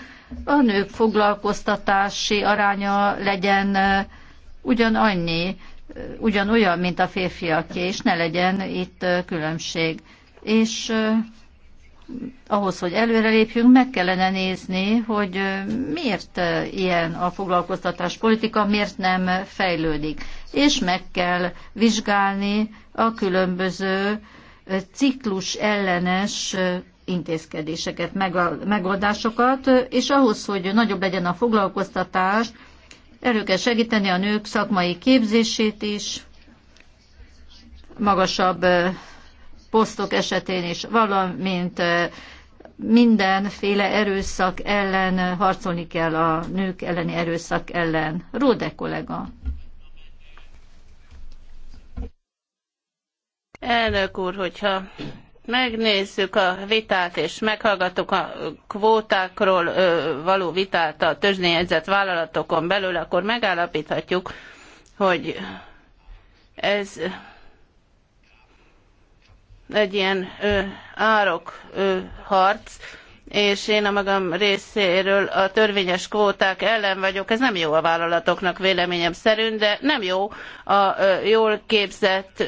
a nők foglalkoztatási aránya legyen ugyanannyi, ugyanolyan, mint a férfiaké, és ne legyen itt különbség. És ahhoz, hogy előrelépjünk, meg kellene nézni, hogy miért ilyen a foglalkoztatás politika, miért nem fejlődik. És meg kell vizsgálni a különböző ciklus ellenes intézkedéseket, megoldásokat, és ahhoz, hogy nagyobb legyen a foglalkoztatás, elő kell segíteni a nők szakmai képzését is, magasabb posztok esetén is, valamint mindenféle erőszak ellen harcolni kell a nők elleni erőszak ellen. Róde kollega. Elnök úr, hogyha megnézzük a vitát, és meghallgatok a kvótákról való vitát a törzsnéjegyzett vállalatokon belül, akkor megállapíthatjuk, hogy ez egy ilyen ö, árok ö, harc, és én a magam részéről a törvényes kvóták ellen vagyok. Ez nem jó a vállalatoknak véleményem szerint, de nem jó a jól képzett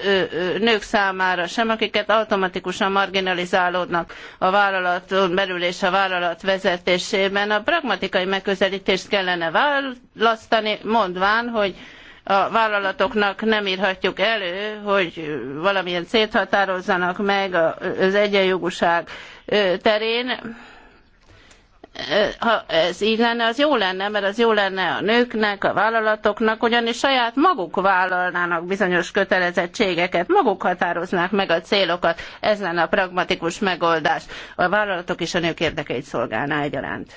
nők számára sem, akiket automatikusan marginalizálódnak a vállalaton belül és a vállalat vezetésében. A pragmatikai megközelítést kellene választani, mondván, hogy a vállalatoknak nem írhatjuk elő, hogy valamilyen célt határozzanak meg az egyenjogúság terén. Ha ez így lenne, az jó lenne, mert az jó lenne a nőknek, a vállalatoknak, ugyanis saját maguk vállalnának bizonyos kötelezettségeket, maguk határoznák meg a célokat, ez lenne a pragmatikus megoldás. A vállalatok és a nők érdekeit szolgálná egyaránt.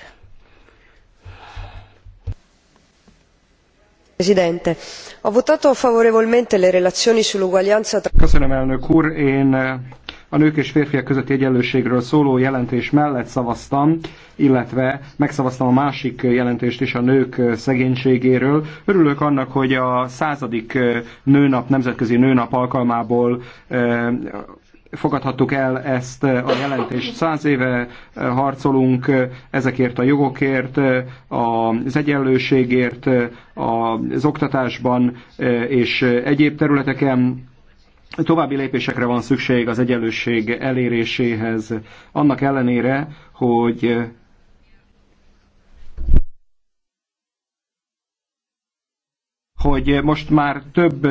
presidente ho votato favorevolmente le relazioni sull'uguaglianza. köszönöm elnök úr én eh, a nők és férfiak közötti egyenlőségről szóló jelentés mellett szavaztam, illetve megszavaztam a másik jelentést is a nők eh, szegénységéről. Örülök annak, hogy a századik eh, nőnap, nemzetközi nőnap alkalmából fogadhattuk el ezt eh, a jelentést. Száz éve eh, harcolunk eh, ezekért a jogokért, az egyenlőségért, az oktatásban és egyéb területeken. További lépésekre van szükség az egyenlőség eléréséhez, annak ellenére, hogy hogy most már több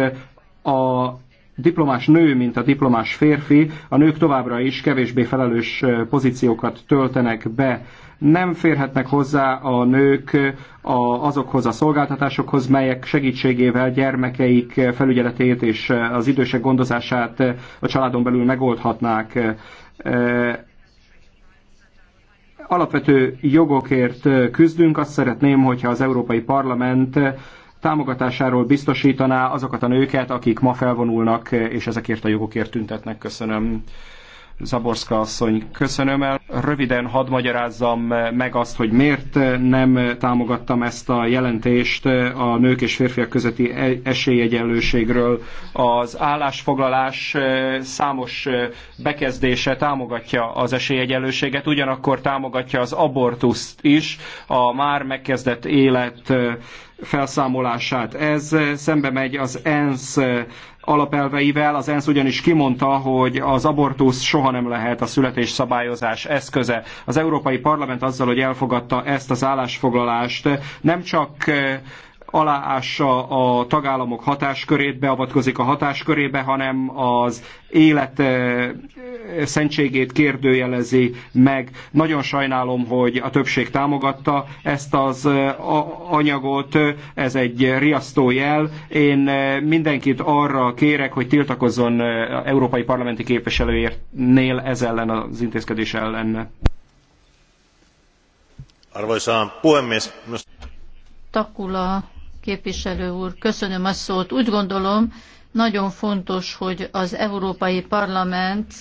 a diplomás nő, mint a diplomás férfi, a nők továbbra is kevésbé felelős pozíciókat töltenek be. Nem férhetnek hozzá a nők a, azokhoz a szolgáltatásokhoz, melyek segítségével gyermekeik felügyeletét és az idősek gondozását a családon belül megoldhatnák alapvető jogokért küzdünk. Azt szeretném, hogyha az Európai Parlament támogatásáról biztosítaná azokat a nőket, akik ma felvonulnak és ezekért a jogokért tüntetnek. Köszönöm. Zaborszka asszony, köszönöm el. Röviden hadd magyarázzam meg azt, hogy miért nem támogattam ezt a jelentést a nők és férfiak közötti e- esélyegyenlőségről. Az állásfoglalás e, számos e, bekezdése támogatja az esélyegyenlőséget, ugyanakkor támogatja az abortuszt is, a már megkezdett élet felszámolását. Ez szembe megy az ENSZ alapelveivel. Az ENSZ ugyanis kimondta, hogy az abortusz soha nem lehet a születés szabályozás eszköze. Az Európai Parlament azzal, hogy elfogadta ezt az állásfoglalást, nem csak aláássa a tagállamok hatáskörét, beavatkozik a hatáskörébe, hanem az élet szentségét kérdőjelezi meg. Nagyon sajnálom, hogy a többség támogatta ezt az anyagot, ez egy riasztó jel. Én mindenkit arra kérek, hogy tiltakozzon európai parlamenti képviselőjénél ez ellen az intézkedés ellen. Arvoisa puhemies. Takula képviselő úr, köszönöm a szót. Úgy gondolom, nagyon fontos, hogy az Európai Parlament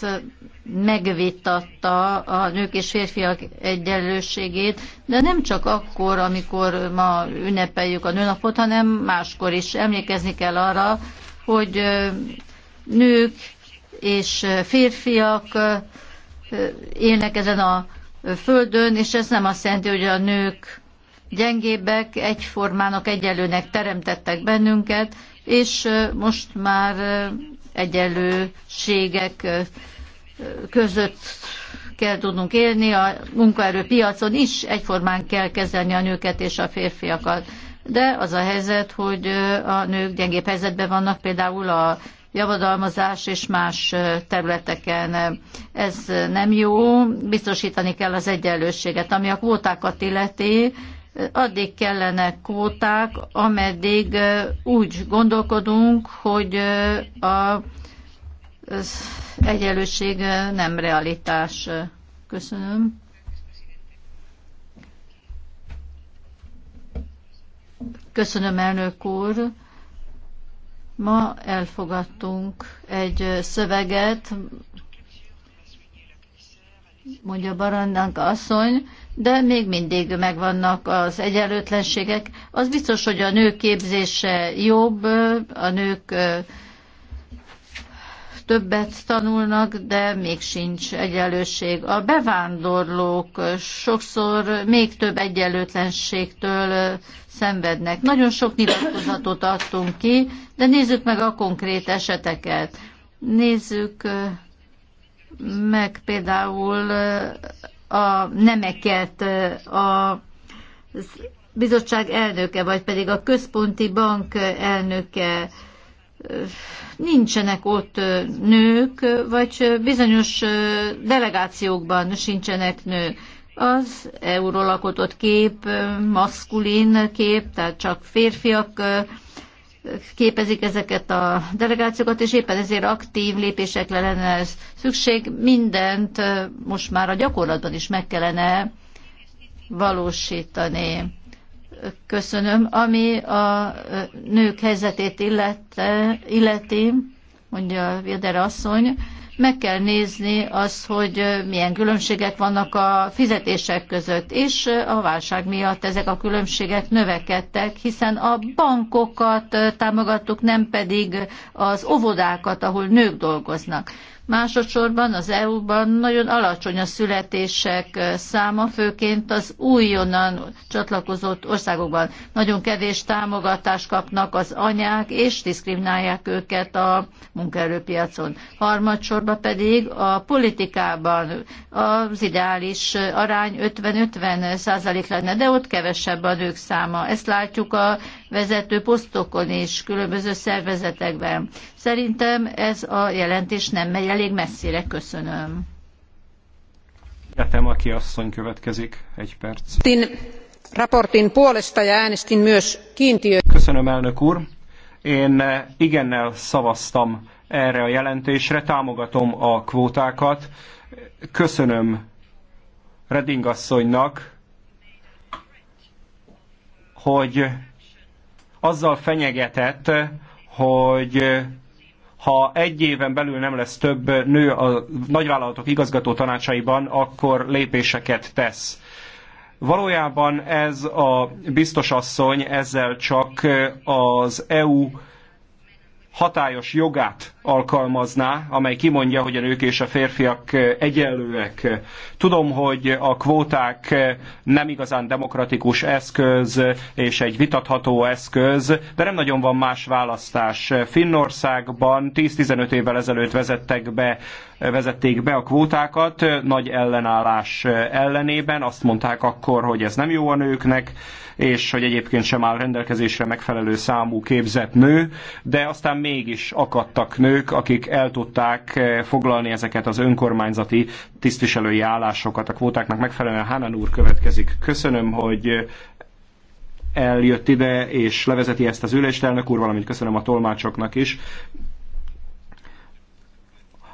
megvitatta a nők és férfiak egyenlőségét, de nem csak akkor, amikor ma ünnepeljük a nőnapot, hanem máskor is emlékezni kell arra, hogy nők és férfiak élnek ezen a földön, és ez nem azt jelenti, hogy a nők gyengébbek, egyformának, egyenlőnek teremtettek bennünket, és most már egyenlőségek között kell tudnunk élni, a munkaerőpiacon is egyformán kell kezelni a nőket és a férfiakat. De az a helyzet, hogy a nők gyengébb helyzetben vannak, például a javadalmazás és más területeken. Ez nem jó, biztosítani kell az egyenlőséget. Ami a kvótákat illeti, addig kellene kvóták, ameddig úgy gondolkodunk, hogy a az egyenlőség nem realitás. Köszönöm. Köszönöm, elnök úr. Ma elfogadtunk egy szöveget, mondja Barandánk asszony, de még mindig megvannak az egyenlőtlenségek. Az biztos, hogy a nők képzése jobb, a nők többet tanulnak, de még sincs egyenlőség. A bevándorlók sokszor még több egyenlőtlenségtől szenvednek. Nagyon sok nyilatkozatot adtunk ki, de nézzük meg a konkrét eseteket. Nézzük meg például a nemeket, a bizottság elnöke, vagy pedig a központi bank elnöke, nincsenek ott nők, vagy bizonyos delegációkban sincsenek nők. Az euró alkotott kép, maszkulin kép, tehát csak férfiak képezik ezeket a delegációkat, és éppen ezért aktív lépésekre lenne szükség. Mindent most már a gyakorlatban is meg kellene valósítani. Köszönöm. Ami a nők helyzetét illeti, mondja Vilder asszony, meg kell nézni azt, hogy milyen különbségek vannak a fizetések között, és a válság miatt ezek a különbségek növekedtek, hiszen a bankokat támogattuk, nem pedig az óvodákat, ahol nők dolgoznak. Másodszorban az EU-ban nagyon alacsony a születések száma, főként az újonnan csatlakozott országokban. Nagyon kevés támogatást kapnak az anyák, és diszkriminálják őket a munkaerőpiacon. Harmadsorban pedig a politikában az ideális arány 50-50 százalék lenne, de ott kevesebb a nők száma. Ezt látjuk a vezető posztokon és különböző szervezetekben. Szerintem ez a jelentés nem megy elég messzire. Köszönöm. Jätem, aki asszony következik. Egy perc. Tin raportin puolesta ja äänestin myös kiintiö... Köszönöm, elnök úr. Én eh, igennel szavaztam erre a jelentésre, támogatom a kvótákat. Köszönöm Reding asszonynak, hogy azzal fenyegetett, hogy ha egy éven belül nem lesz több nő a nagyvállalatok igazgató tanácsaiban, akkor lépéseket tesz. Valójában ez a biztosasszony ezzel csak az EU hatályos jogát alkalmazná, amely kimondja, hogy a nők és a férfiak egyenlőek. Tudom, hogy a kvóták nem igazán demokratikus eszköz és egy vitatható eszköz, de nem nagyon van más választás. Finnországban 10-15 évvel ezelőtt vezettek be vezették be a kvótákat nagy ellenállás ellenében. Azt mondták akkor, hogy ez nem jó a nőknek, és hogy egyébként sem áll rendelkezésre megfelelő számú képzett nő, de aztán mégis akadtak nők, ők, akik el tudták eh, foglalni ezeket az önkormányzati tisztviselői állásokat a kvótáknak megfelelően. Hánan úr következik. Köszönöm, hogy eh, eljött ide és levezeti ezt az ülést, elnök úr, valamint köszönöm a tolmácsoknak is.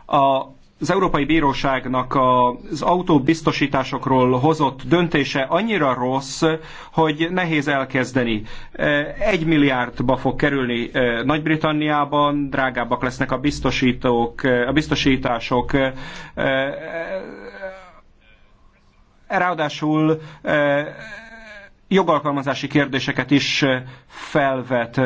A az Európai Bíróságnak az autóbiztosításokról hozott döntése annyira rossz, hogy nehéz elkezdeni. Egy milliárdba fog kerülni eh, Nagy-Britanniában, drágábbak lesznek a biztosítók, eh, a biztosítások. Eh, ráadásul jogalkalmazási kérdéseket is felvet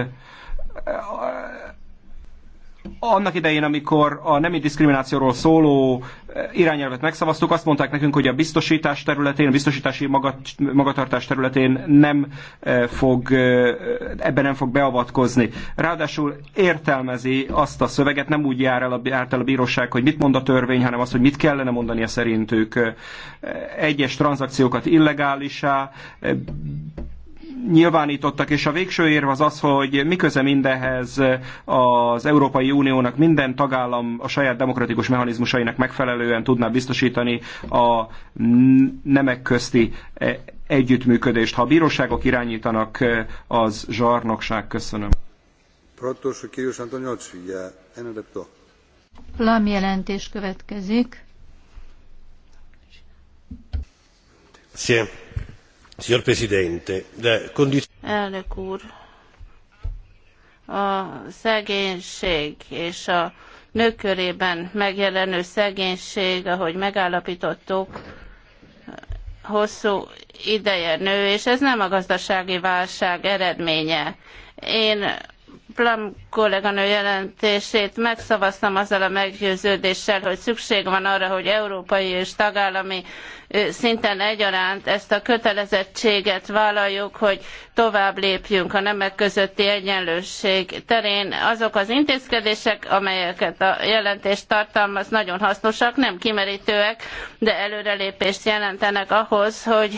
annak idején, amikor a nemi diszkriminációról szóló eh, irányelvet megszavaztuk, azt mondták nekünk, hogy a biztosítás területén, a biztosítási magat, magatartás területén nem eh, fog, eh, ebben nem fog beavatkozni. Ráadásul értelmezi azt a szöveget, nem úgy jár el a, járt el a bíróság, hogy mit mond a törvény, hanem azt, hogy mit kellene a szerintük. Egyes tranzakciókat illegálisá nyilvánítottak, és a végső érv az az, hogy miköze mindehez az Európai Uniónak minden tagállam a saját demokratikus mechanizmusainak megfelelően tudná biztosítani a nemek közti együttműködést. Ha a bíróságok irányítanak, az zsarnokság. Köszönöm. Lam jelentés következik. Szia. Signor Presidente, Elnök úr, a szegénység és a nők körében megjelenő szegénység, ahogy megállaptottuk hosszú ideje nő, és ez nem a gazdasági válság eredménye. Én Plum kolléganő jelentését megszavaztam azzal a meggyőződéssel, hogy szükség van arra, hogy európai és tagállami szinten egyaránt ezt a kötelezettséget vállaljuk, hogy tovább lépjünk a nemek közötti egyenlőség terén. Azok az intézkedések, amelyeket a jelentés tartalmaz, nagyon hasznosak, nem kimerítőek, de előrelépést jelentenek ahhoz, hogy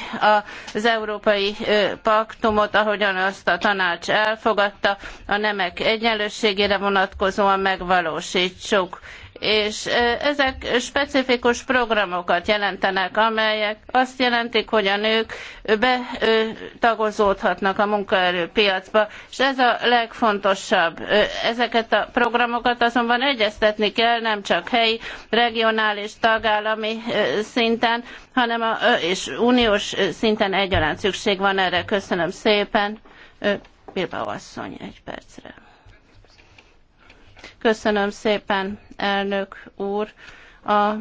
az európai paktumot, ahogyan azt a tanács elfogadta, a nemek egyenlőség térségére vonatkozóan megvalósítsuk és ezek specifikus programokat jelentenek, amelyek azt jelentik, hogy a nők betagozódhatnak a munkaerőpiacba, és ez a legfontosabb. Ezeket a programokat azonban egyeztetni kell, nem csak helyi, regionális, tagállami szinten, hanem a, és uniós szinten egyaránt szükség van erre. Köszönöm szépen. Bilbao asszony, egy percre. Köszönöm szépen, elnök úr. A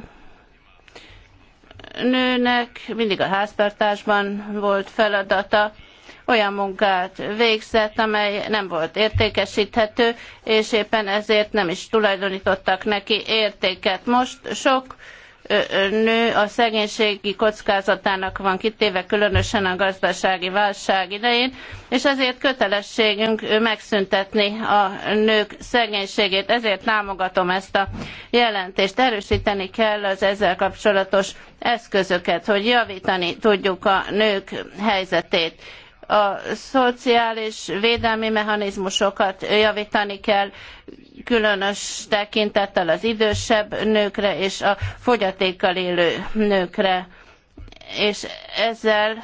nőnek mindig a háztartásban volt feladata, olyan munkát végzett, amely nem volt értékesíthető, és éppen ezért nem is tulajdonítottak neki értéket. Most sok nő a szegénységi kockázatának van kitéve, különösen a gazdasági válság idején, és ezért kötelességünk megszüntetni a nők szegénységét. Ezért támogatom ezt a jelentést. Erősíteni kell az ezzel kapcsolatos eszközöket, hogy javítani tudjuk a nők helyzetét a szociális védelmi mechanizmusokat javítani kell, különös tekintettel az idősebb nőkre és a fogyatékkal élő nőkre. És ezzel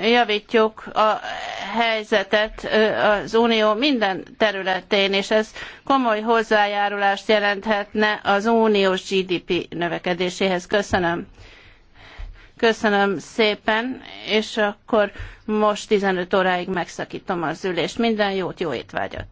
javítjuk a helyzetet az Unió minden területén, és ez komoly hozzájárulást jelenthetne az uniós GDP növekedéséhez. Köszönöm. Köszönöm szépen, és akkor most 15 óráig megszakítom az ülést. Minden jót, jó étvágyat!